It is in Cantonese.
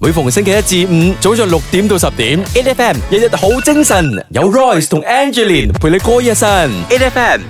每逢星期一至五，早上六點到十點，A F M 日日好精神，有 Royce 同 Angeline 陪你歌一生，A F M。